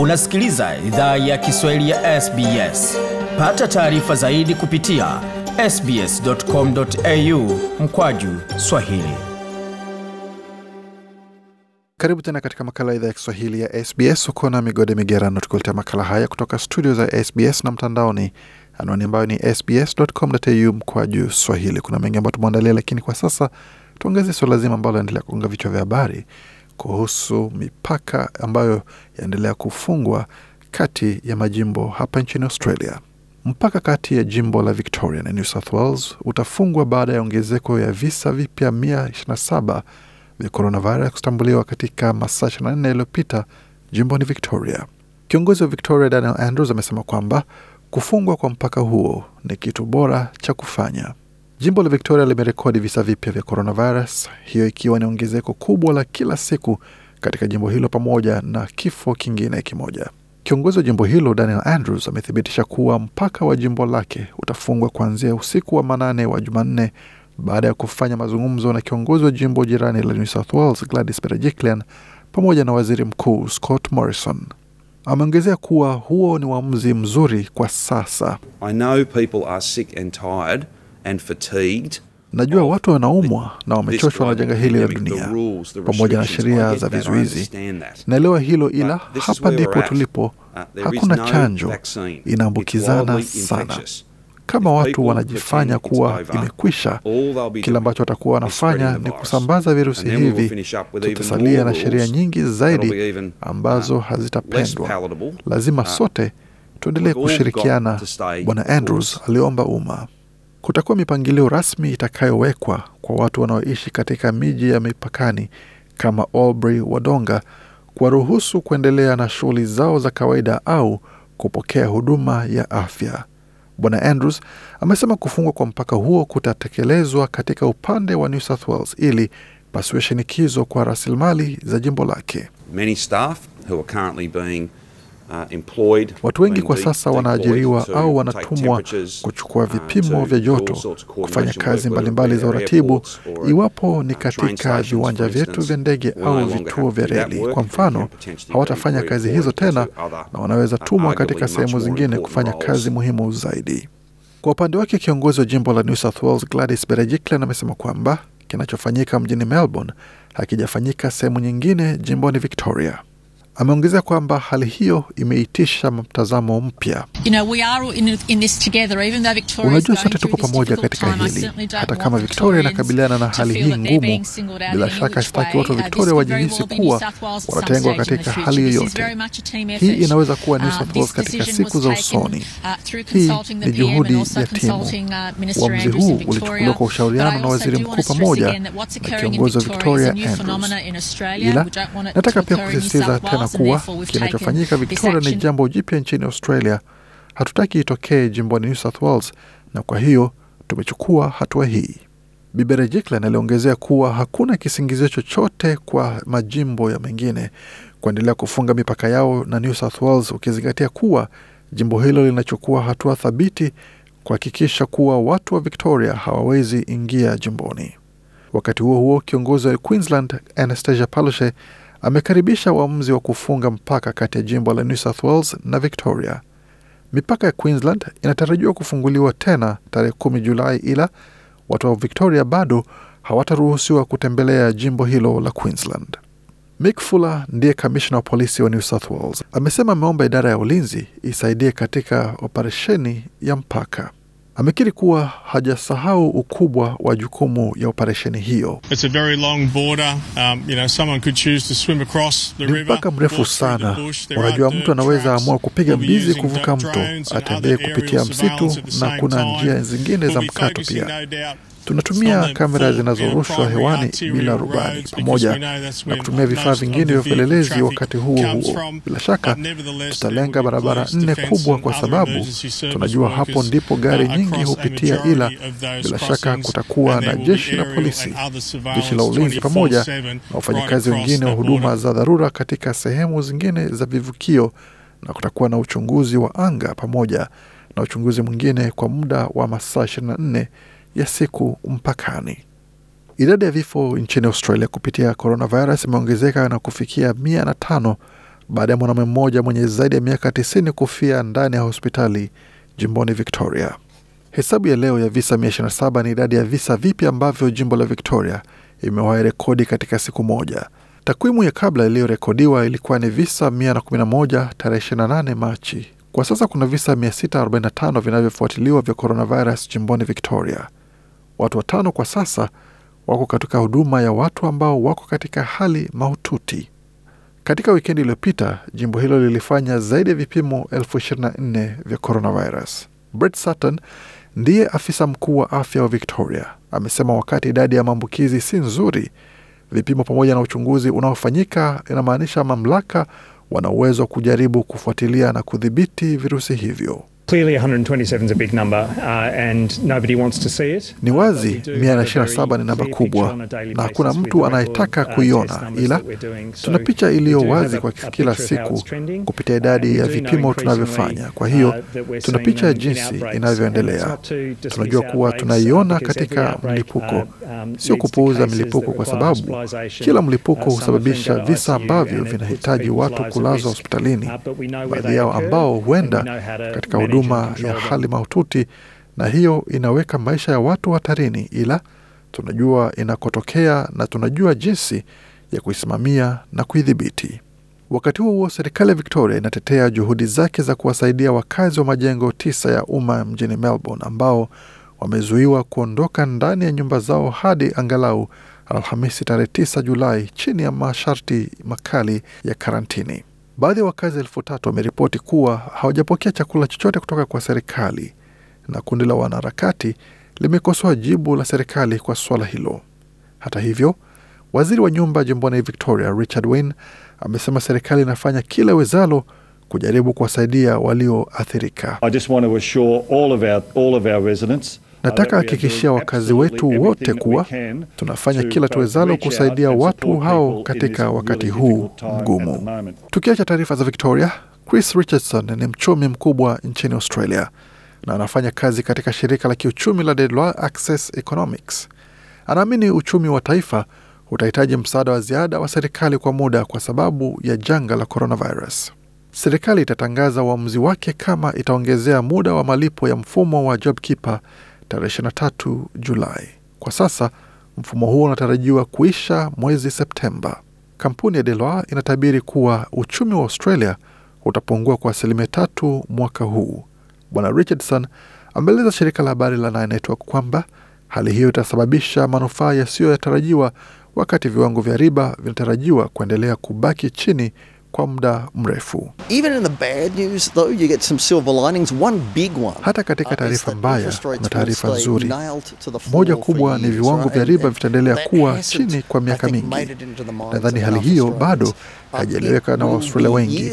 Unasikiliza idhaa ya Kiswahili ya SBS. Pata taarifa zaidi kupitia sbs.com.au mkwaju swahili. Karibu tena katika makala idhaa ya Kiswahili ya SBS. Uko na Migode Migerano tukuletea makala haya kutoka studio za SBS na mtandaoni, anwani ambayo ni sbs.com.au mkwaju swahili. Kuna mengi ambayo tumeandalia, lakini kwa sasa tuangazie suala zima ambalo aendelea kuunga vichwa vya habari kuhusu mipaka ambayo yaendelea kufungwa kati ya majimbo hapa nchini Australia. Mpaka kati ya jimbo la Victoria na New South Wales utafungwa baada ya ongezeko ya visa vipya 127 vya coronavirus kutambuliwa katika masaa 24 yaliyopita jimboni Victoria. Kiongozi wa Victoria Daniel Andrews amesema kwamba kufungwa kwa mpaka huo ni kitu bora cha kufanya. Jimbo la Victoria limerekodi visa vipya vya coronavirus, hiyo ikiwa ni ongezeko kubwa la kila siku katika jimbo hilo pamoja na kifo kingine kimoja. Kiongozi wa jimbo hilo Daniel Andrews amethibitisha kuwa mpaka wa jimbo lake utafungwa kuanzia usiku wa manane wa Jumanne baada ya kufanya mazungumzo na kiongozi wa jimbo jirani la New South Wales Gladys Berejiklian pamoja na waziri mkuu Scott Morrison. Ameongezea kuwa huo ni uamuzi mzuri kwa sasa. I know people are sick and tired Najua watu wanaumwa na wamechoshwa na janga hili la dunia pamoja na sheria za vizuizi. Naelewa hilo, ila hapa ndipo tulipo. Uh, Hakuna chanjo, inaambukizana sana. Kama watu wanajifanya kuwa imekwisha, kile ambacho watakuwa wanafanya ni kusambaza virusi hivi. Tutasalia na sheria nyingi zaidi uh, ambazo hazitapendwa. Lazima uh, sote tuendelee kushirikiana, Bwana Andrews aliomba umma. Kutakuwa mipangilio rasmi itakayowekwa kwa watu wanaoishi katika miji ya mipakani kama Albury Wodonga kuwaruhusu kuendelea na shughuli zao za kawaida au kupokea huduma ya afya. Bwana Andrews amesema kufungwa kwa mpaka huo kutatekelezwa katika upande wa New South Wales ili pasiwe shinikizo kwa rasilimali za jimbo lake. Many staff who are currently being Uh, Watu wengi kwa sasa wanaajiriwa au wanatumwa kuchukua uh, vipimo vya joto, kufanya kazi mbalimbali za uratibu, iwapo ni uh, katika viwanja vyetu vya ndege au vituo vya reli. Kwa mfano, hawatafanya kazi hizo tena na wanaweza tumwa katika sehemu zingine kufanya kazi muhimu zaidi. Kwa upande wake, kiongozi wa jimbo la New South Wales Gladys Berejiklian amesema kwamba kinachofanyika mjini Melbourne hakijafanyika sehemu nyingine jimboni Victoria ameongezea kwamba hali hiyo imeitisha mtazamo mpya. unajua sote tuko pamoja katika hili, hata kama Victoria inakabiliana na hali hii ngumu. Bila shaka sitaki watu wa uh, Victoria wajihisi kuwa wanatengwa katika hali yoyote. Hii inaweza kuwa New South Wales katika uh, siku za usoni. Uh, hii ni juhudi ya timu. Uamuzi huu ulichukuliwa kwa ushauriano na waziri mkuu pamoja na kiongozi wa Victoria Andrews, ila nataka pia kusisitiza na kuwa kinachofanyika Victoria ni jambo jipya nchini Australia. Hatutaki itokee jimboni New South Wales, na kwa hiyo tumechukua hatua hii. Bibere Jiklan aliongezea kuwa hakuna kisingizio chochote kwa majimbo ya mengine kuendelea kufunga mipaka yao na New South Wales, ukizingatia kuwa jimbo hilo linachukua hatua thabiti kuhakikisha kuwa watu wa Victoria hawawezi ingia jimboni. Wakati huo huo, kiongozi wa Queensland Anastasia Palaszczuk amekaribisha uamuzi wa kufunga mpaka kati ya jimbo la New South Wales na Victoria. Mipaka ya Queensland inatarajiwa kufunguliwa tena tarehe kumi Julai, ila watu wa Victoria bado hawataruhusiwa kutembelea jimbo hilo la Queensland. Mick Fuller ndiye kamishna wa polisi wa New South Wales, amesema ameomba idara ya ulinzi isaidie katika operesheni ya mpaka amekiri kuwa hajasahau ukubwa wa jukumu ya operesheni hiyo. Um, Ni mpaka mrefu sana, unajua, mtu anaweza amua kupiga mbizi, kuvuka mto, atembee kupitia msitu, na kuna njia zingine za mkato pia. Tunatumia kamera zinazorushwa hewani bila rubani pamoja na kutumia vifaa vingine vya upelelezi. Wakati huo huo, bila shaka, tutalenga barabara nne kubwa, kwa sababu tunajua hapo ndipo uh, gari nyingi hupitia, ila bila shaka kutakuwa na jeshi la polisi, jeshi la ulinzi, pamoja na wafanyakazi wengine wa huduma za dharura katika sehemu zingine za vivukio, na kutakuwa na uchunguzi wa anga pamoja na uchunguzi mwingine kwa muda wa masaa 24 ya siku mpakani. Idadi ya vifo nchini Australia kupitia coronavirus imeongezeka na kufikia mia na tano baada ya mwanaume mmoja mwenye zaidi ya miaka tisini kufia ndani ya hospitali jimboni Victoria. Hesabu ya leo ya visa 127 ni idadi ya visa vipya ambavyo jimbo la Victoria imewahi rekodi katika siku moja. Takwimu ya kabla iliyorekodiwa ilikuwa ni visa 111 tarehe 28 Machi. Kwa sasa kuna visa 645 vinavyofuatiliwa vya coronavirus jimboni Victoria. Watu watano kwa sasa wako katika huduma ya watu ambao wako katika hali mahututi. Katika wikendi iliyopita, jimbo hilo lilifanya zaidi ya vipimo elfu 24 vya coronavirus. Brett Sutton ndiye afisa mkuu wa afya wa Victoria, amesema wakati idadi ya maambukizi si nzuri, vipimo pamoja na uchunguzi unaofanyika inamaanisha mamlaka wana uwezo wa kujaribu kufuatilia na kudhibiti virusi hivyo. Ni wazi 127 ni namba kubwa na hakuna mtu anayetaka uh, kuiona, ila tuna picha iliyo wazi kwa kila siku kupitia uh, idadi ya vipimo tunavyofanya. Kwa hiyo uh, tuna picha ya jinsi inavyoendelea. Tunajua kuwa tunaiona katika mlipuko, um, sio kupuuza mlipuko, kwa sababu kila mlipuko husababisha visa ambavyo vinahitaji watu kulazwa hospitalini, baadhi yao ambao huenda katika huduma dhuluma ya hali mahututi, na hiyo inaweka maisha ya watu hatarini, ila tunajua inakotokea na tunajua jinsi ya kuisimamia na kuidhibiti. Wakati huo huo, serikali ya Victoria inatetea juhudi zake za kuwasaidia wakazi wa majengo tisa ya umma mjini Melbourne ambao wamezuiwa kuondoka ndani ya nyumba zao hadi angalau Alhamisi tarehe 9 Julai chini ya masharti makali ya karantini. Baadhi ya wakazi elfu tatu wameripoti kuwa hawajapokea chakula chochote kutoka kwa serikali, na kundi la wanaharakati limekosoa jibu la serikali kwa swala hilo. Hata hivyo, waziri wa nyumba jimboni Victoria Richard Wayne amesema serikali inafanya kila wezalo kujaribu kuwasaidia walioathirika. Nataka hakikishia wakazi wetu wote kuwa tunafanya kila tuwezalo kusaidia watu hao katika wakati huu mgumu. Tukiacha taarifa za Victoria, Chris Richardson ni mchumi mkubwa nchini Australia na anafanya kazi katika shirika la kiuchumi la Deloitte Access Economics. Anaamini uchumi wa taifa utahitaji msaada wa ziada wa serikali kwa muda kwa sababu ya janga la coronavirus. Serikali itatangaza uamuzi wake kama itaongezea muda wa malipo ya mfumo wa JobKeeper tarehe 23 Julai. Kwa sasa mfumo huo unatarajiwa kuisha mwezi Septemba. Kampuni ya Deloitte inatabiri kuwa uchumi wa Australia utapungua kwa asilimia tatu mwaka huu. Bwana Richardson ameeleza shirika la habari la Nine Network kwamba hali hiyo itasababisha manufaa yatarajiwa wakati viwango vya riba vinatarajiwa kuendelea kubaki chini kwa muda mrefu. Even in the bad news though, you get some silver linings, one big one. Hata katika uh, taarifa mbaya kuna taarifa nzuri moja kubwa, ni viwango vya riba vitaendelea kuwa chini kwa miaka mingi. Nadhani hali hiyo bado haijaeleweka na Waaustralia wengi.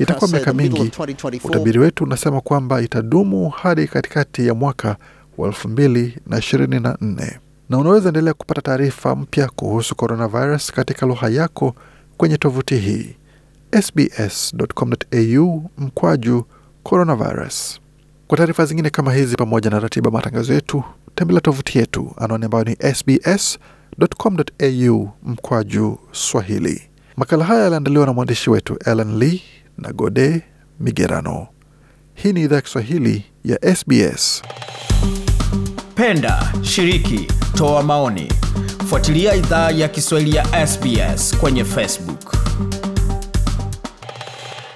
Itakuwa miaka mingi. Utabiri wetu unasema kwamba itadumu hadi katikati ya mwaka wa 2024 na unaweza endelea kupata taarifa mpya kuhusu coronavirus katika lugha yako kwenye tovuti hii sbs.com.au mkwaju coronavirus. Kwa taarifa zingine kama hizi pamoja na ratiba matangazo yetu, tembelea tovuti yetu anaone ambayo ni sbs.com.au mkwaju swahili. Makala haya yaliandaliwa na mwandishi wetu Ellen Lee na Gode Migerano. Hii ni idhaa ya Kiswahili ya SBS. Penda, shiriki, toa maoni, fuatilia idhaa ya Kiswahili ya SBS kwenye Facebook.